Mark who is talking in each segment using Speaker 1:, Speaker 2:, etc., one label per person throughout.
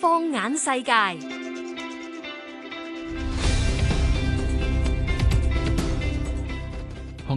Speaker 1: 放眼世界。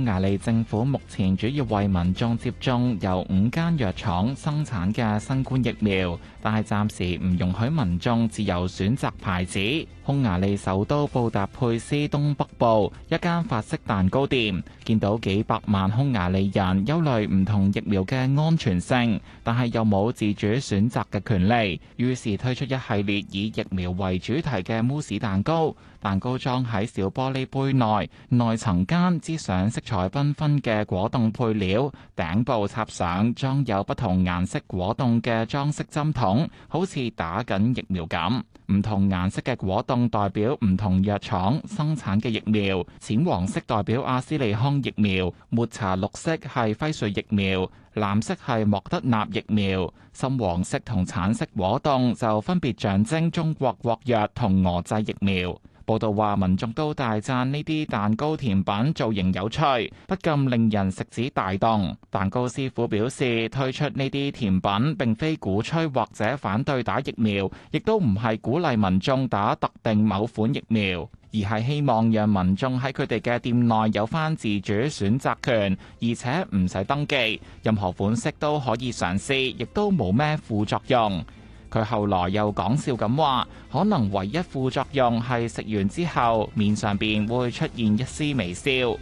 Speaker 1: 匈牙利政府目前主要為民眾接種由五間藥廠生產嘅新冠疫苗，但係暫時唔容許民眾自由選擇牌子。匈牙利首都布達佩斯東北部一間法式蛋糕店，見到幾百萬匈牙利人憂慮唔同疫苗嘅安全性，但係又冇自主選擇嘅權利，於是推出一系列以疫苗為主題嘅慕斯蛋糕，蛋糕裝喺小玻璃杯內，內層間之上色彩。彩繽紛嘅果凍配料，頂部插上裝有不同顏色果凍嘅裝飾針筒，好似打緊疫苗咁。唔同顏色嘅果凍代表唔同藥廠生產嘅疫苗，淺黃色代表阿斯利康疫苗，抹茶綠色係輝瑞疫苗，藍色係莫德納疫苗，深黃色同橙色果凍就分別象徵中國國藥同俄製疫苗。報道話，民眾都大讚呢啲蛋糕甜品造型有趣，不禁令人食指大動。蛋糕師傅表示，推出呢啲甜品並非鼓吹或者反對打疫苗，亦都唔係鼓勵民眾打特定某款疫苗，而係希望讓民眾喺佢哋嘅店內有返自主選擇權，而且唔使登記，任何款式都可以嘗試，亦都冇咩副作用。佢後來又講笑咁話，可能唯一副作用係食完之後面上邊會出現一絲微笑。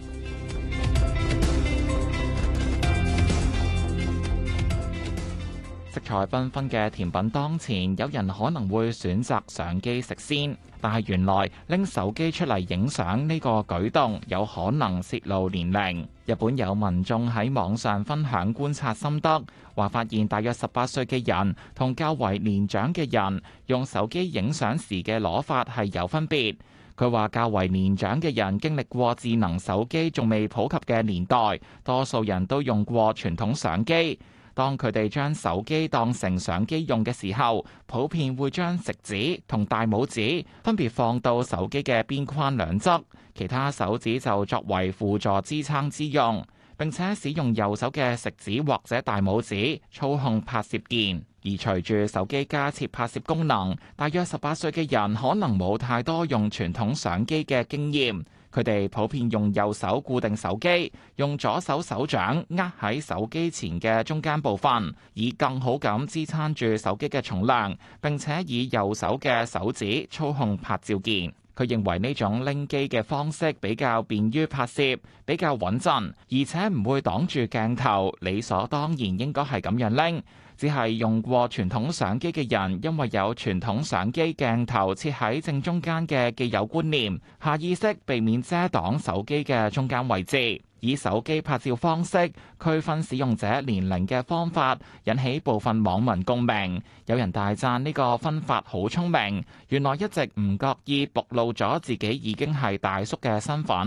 Speaker 1: 彩繽紛嘅甜品，當前有人可能會選擇相機食先，但係原來拎手機出嚟影相，呢個舉動，有可能泄露年齡。日本有民眾喺網上分享觀察心得，話發現大約十八歲嘅人同較為年長嘅人用手機影相時嘅攞法係有分別。佢話較為年長嘅人經歷過智能手機仲未普及嘅年代，多數人都用過傳統相機。當佢哋將手機當成相機用嘅時候，普遍會將食指同大拇指分別放到手機嘅邊框兩側，其他手指就作為輔助支撐之用，並且使用右手嘅食指或者大拇指操控拍攝鍵。而隨住手機加設拍攝功能，大約十八歲嘅人可能冇太多用傳統相機嘅經驗。佢哋普遍用右手固定手機，用左手手掌握喺手機前嘅中間部分，以更好咁支撐住手機嘅重量，並且以右手嘅手指操控拍照鍵。佢認為呢種拎機嘅方式比較便於拍攝，比較穩陣，而且唔會擋住鏡頭，理所當然應該係咁樣拎。只係用過傳統相機嘅人，因為有傳統相機鏡頭設喺正中間嘅既有觀念，下意識避免遮擋手機嘅中間位置，以手機拍照方式區分使用者年齡嘅方法，引起部分網民共鳴。有人大讚呢個分法好聰明，原來一直唔覺意暴露咗自己已經係大叔嘅身份。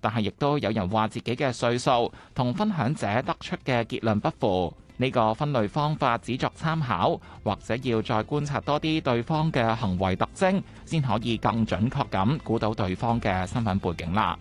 Speaker 1: 但係亦都有人話自己嘅歲數同分享者得出嘅結論不符。呢個分類方法只作參考，或者要再觀察多啲對方嘅行為特徵，先可以更準確咁估到對方嘅身份背景啦。